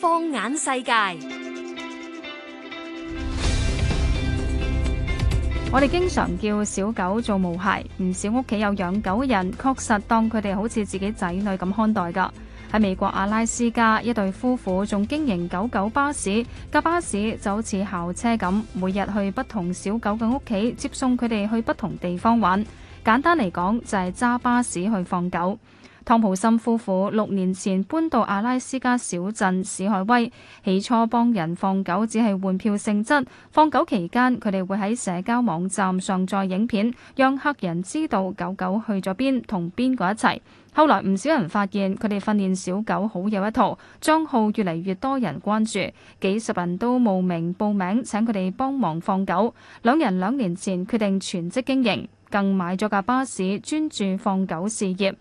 放眼世界，我哋經常叫小狗做毛孩。唔少屋企有養狗人，確實當佢哋好似自己仔女咁看待噶。喺美國阿拉斯加，一對夫婦仲經營狗狗巴士，架巴士就好似校車咁，每日去不同小狗嘅屋企接送佢哋去不同地方玩。簡單嚟講，就係揸巴士去放狗。湯普森夫婦六年前搬到阿拉斯加小鎮史海威，起初幫人放狗只係換票性質。放狗期間，佢哋會喺社交網站上載影片，讓客人知道狗狗去咗邊同邊個一齊。後來唔少人發現佢哋訓練小狗好有一套，帳號越嚟越多人關注，幾十人都慕名報名請佢哋幫忙放狗。兩人兩年前決定全職經營，更買咗架巴士，專注放狗事業。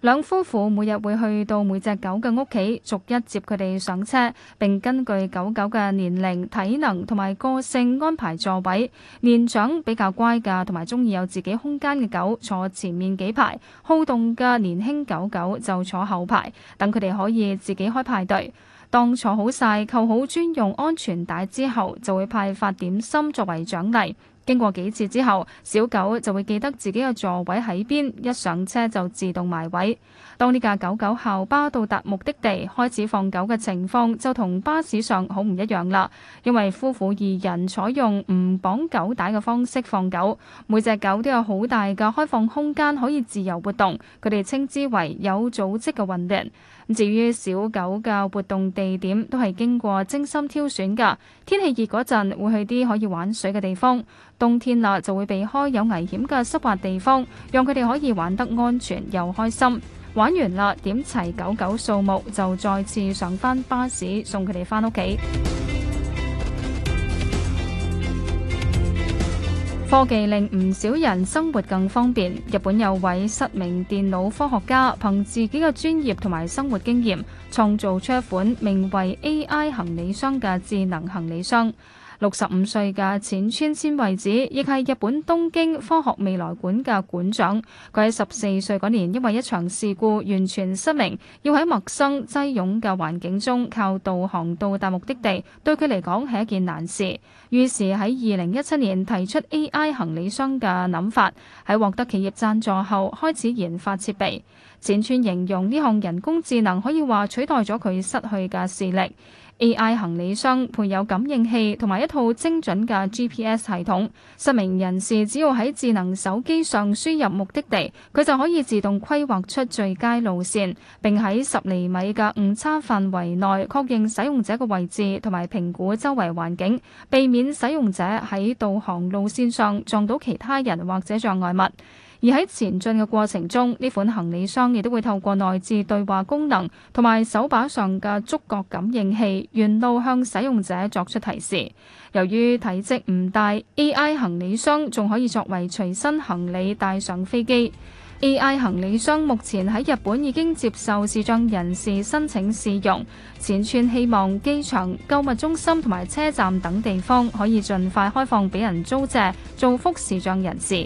兩夫婦每日會去到每隻狗嘅屋企，逐一接佢哋上車，並根據狗狗嘅年齡、體能同埋個性安排座位。年長比較乖㗎，同埋中意有自己空間嘅狗坐前面幾排，好動嘅年輕狗狗就坐後排，等佢哋可以自己開派對。當坐好晒、扣好專用安全帶之後，就會派發點心作為獎勵。經過幾次之後，小狗就會記得自己嘅座位喺邊，一上車就自動埋位。當呢架狗狗校巴到達目的地，開始放狗嘅情況就同巴士上好唔一樣啦。因為夫婦二人採用唔綁狗帶嘅方式放狗，每隻狗都有好大嘅開放空間可以自由活動，佢哋稱之為有組織嘅運動。至於小狗嘅活動地點都係經過精心挑選㗎，天氣熱嗰陣會去啲可以玩水嘅地方，冬天啦，就會避開有危險嘅濕滑地方，讓佢哋可以玩得安全又開心。玩完啦，點齊狗狗數目，就再次上翻巴士送佢哋翻屋企。科技令唔少人生活更方便。日本有位失明電腦科學家，憑自己嘅專業同埋生活經驗，創造出一款名為 AI 行李箱嘅智能行李箱。六十五歲嘅淺川千惠子，亦係日本東京科學未來館嘅館長。佢喺十四歲嗰年，因為一場事故完全失明，要喺陌生擠擁嘅環境中靠導航到達目的地，對佢嚟講係一件難事。於是喺二零一七年提出 AI 行李箱嘅諗法，喺獲得企業贊助後開始研發設備。淺川形容呢項人工智能可以話取代咗佢失去嘅視力。AI 行李箱配有感應器同埋一套精準嘅 GPS 系統，失明人士只要喺智能手機上輸入目的地，佢就可以自動規劃出最佳路線，並喺十厘米嘅誤差範圍內確認使用者嘅位置同埋評估周圍環境，避免使用者喺導航路線上撞到其他人或者障礙物。而喺前進嘅過程中，呢款行李箱亦都會透過內置對話功能同埋手把上嘅觸覺感應器，沿路向使用者作出提示。由於體積唔大，AI 行李箱仲可以作為隨身行李帶上飛機。AI 行李箱目前喺日本已經接受視障人士申請試用，前串希望機場、購物中心同埋車站等地方可以盡快開放俾人租借，造福視障人士。